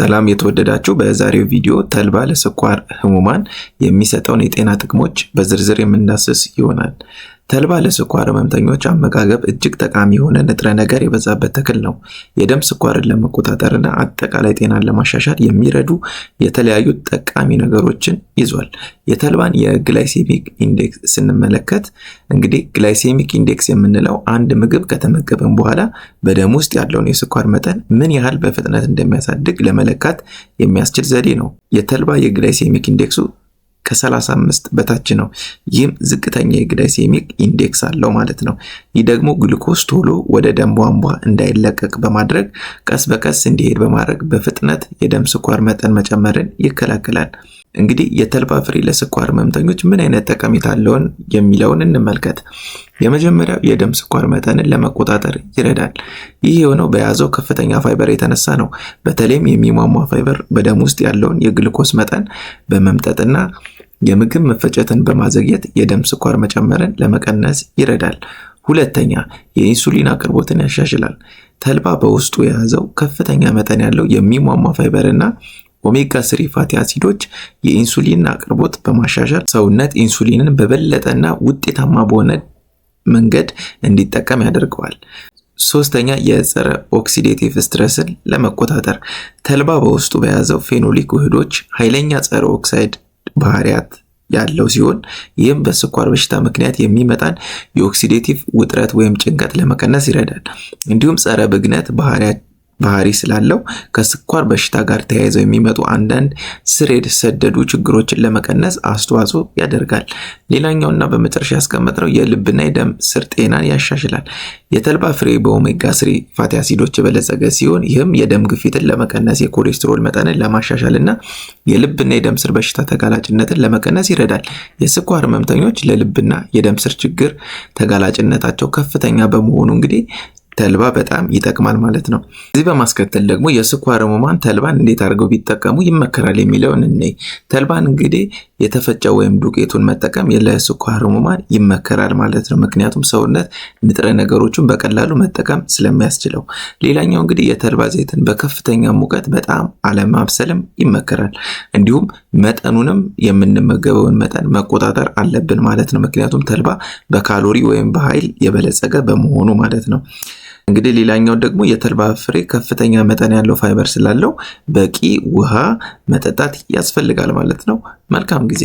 ሰላም የተወደዳችሁ፣ በዛሬው ቪዲዮ ተልባ ለስኳር ህሙማን የሚሰጠውን የጤና ጥቅሞች በዝርዝር የምንዳስስ ይሆናል። ተልባ ለስኳር ህመምተኞች አመጋገብ እጅግ ጠቃሚ የሆነ ንጥረ ነገር የበዛበት ተክል ነው። የደም ስኳርን ለመቆጣጠርና አጠቃላይ ጤናን ለማሻሻል የሚረዱ የተለያዩ ጠቃሚ ነገሮችን ይዟል። የተልባን የግላይሴሚክ ኢንዴክስ ስንመለከት እንግዲህ ግላይሴሚክ ኢንዴክስ የምንለው አንድ ምግብ ከተመገብን በኋላ በደም ውስጥ ያለውን የስኳር መጠን ምን ያህል በፍጥነት እንደሚያሳድግ ለመለካት የሚያስችል ዘዴ ነው። የተልባ የግላይሴሚክ ኢንዴክሱ ከ35 በታች ነው። ይህም ዝቅተኛ የግላይሴሚክ ኢንዴክስ አለው ማለት ነው። ይህ ደግሞ ግሉኮስ ቶሎ ወደ ደም ቧንቧ እንዳይለቀቅ በማድረግ ቀስ በቀስ እንዲሄድ በማድረግ በፍጥነት የደም ስኳር መጠን መጨመርን ይከላከላል። እንግዲህ የተልባ ፍሬ ለስኳር ህመምተኞች ምን አይነት ጠቀሜታ አለውን የሚለውን እንመልከት። የመጀመሪያው የደም ስኳር መጠንን ለመቆጣጠር ይረዳል። ይህ የሆነው በያዘው ከፍተኛ ፋይበር የተነሳ ነው። በተለይም የሚሟሟ ፋይበር በደም ውስጥ ያለውን የግልኮስ መጠን በመምጠጥና የምግብ መፈጨትን በማዘግየት የደም ስኳር መጨመርን ለመቀነስ ይረዳል። ሁለተኛ የኢንሱሊን አቅርቦትን ያሻሽላል። ተልባ በውስጡ የያዘው ከፍተኛ መጠን ያለው የሚሟሟ ፋይበር እና ኦሜጋ ስሪ ፋቲ አሲዶች የኢንሱሊን አቅርቦት በማሻሻል ሰውነት ኢንሱሊንን በበለጠና ውጤታማ በሆነ መንገድ እንዲጠቀም ያደርገዋል። ሶስተኛ የጸረ ኦክሲዴቲቭ ስትረስን ለመቆጣጠር ተልባ በውስጡ በያዘው ፌኖሊክ ውህዶች ኃይለኛ ጸረ ኦክሳይድ ባህሪያት ያለው ሲሆን ይህም በስኳር በሽታ ምክንያት የሚመጣን የኦክሲዴቲቭ ውጥረት ወይም ጭንቀት ለመቀነስ ይረዳል። እንዲሁም ጸረ ብግነት ባህሪያት ባህሪ ስላለው ከስኳር በሽታ ጋር ተያይዘው የሚመጡ አንዳንድ ስር የሰደዱ ችግሮችን ለመቀነስ አስተዋጽኦ ያደርጋል። ሌላኛውና በመጨረሻ ያስቀመጥነው የልብና የደም ስር ጤናን ያሻሽላል። የተልባ ፍሬ በኦሜጋ ስሪ ፋቲ አሲዶች የበለጸገ ሲሆን ይህም የደም ግፊትን ለመቀነስ የኮሌስትሮል መጠንን ለማሻሻል እና የልብና የደም ስር በሽታ ተጋላጭነትን ለመቀነስ ይረዳል። የስኳር ህመምተኞች ለልብና የደም ስር ችግር ተጋላጭነታቸው ከፍተኛ በመሆኑ እንግዲህ ተልባ በጣም ይጠቅማል ማለት ነው። እዚህ በማስከተል ደግሞ የስኳር ህሙማን ተልባን እንዴት አድርገው ቢጠቀሙ ይመከራል የሚለውን እኔ ተልባን እንግዲህ የተፈጨ ወይም ዱቄቱን መጠቀም ለስኳር ህሙማን ይመከራል ማለት ነው። ምክንያቱም ሰውነት ንጥረ ነገሮችን በቀላሉ መጠቀም ስለሚያስችለው። ሌላኛው እንግዲህ የተልባ ዘይትን በከፍተኛ ሙቀት በጣም አለማብሰልም ይመከራል። እንዲሁም መጠኑንም የምንመገበውን መጠን መቆጣጠር አለብን ማለት ነው። ምክንያቱም ተልባ በካሎሪ ወይም በኃይል የበለጸገ በመሆኑ ማለት ነው። እንግዲህ ሌላኛው ደግሞ የተልባ ፍሬ ከፍተኛ መጠን ያለው ፋይበር ስላለው በቂ ውሃ መጠጣት ያስፈልጋል ማለት ነው። መልካም ጊዜ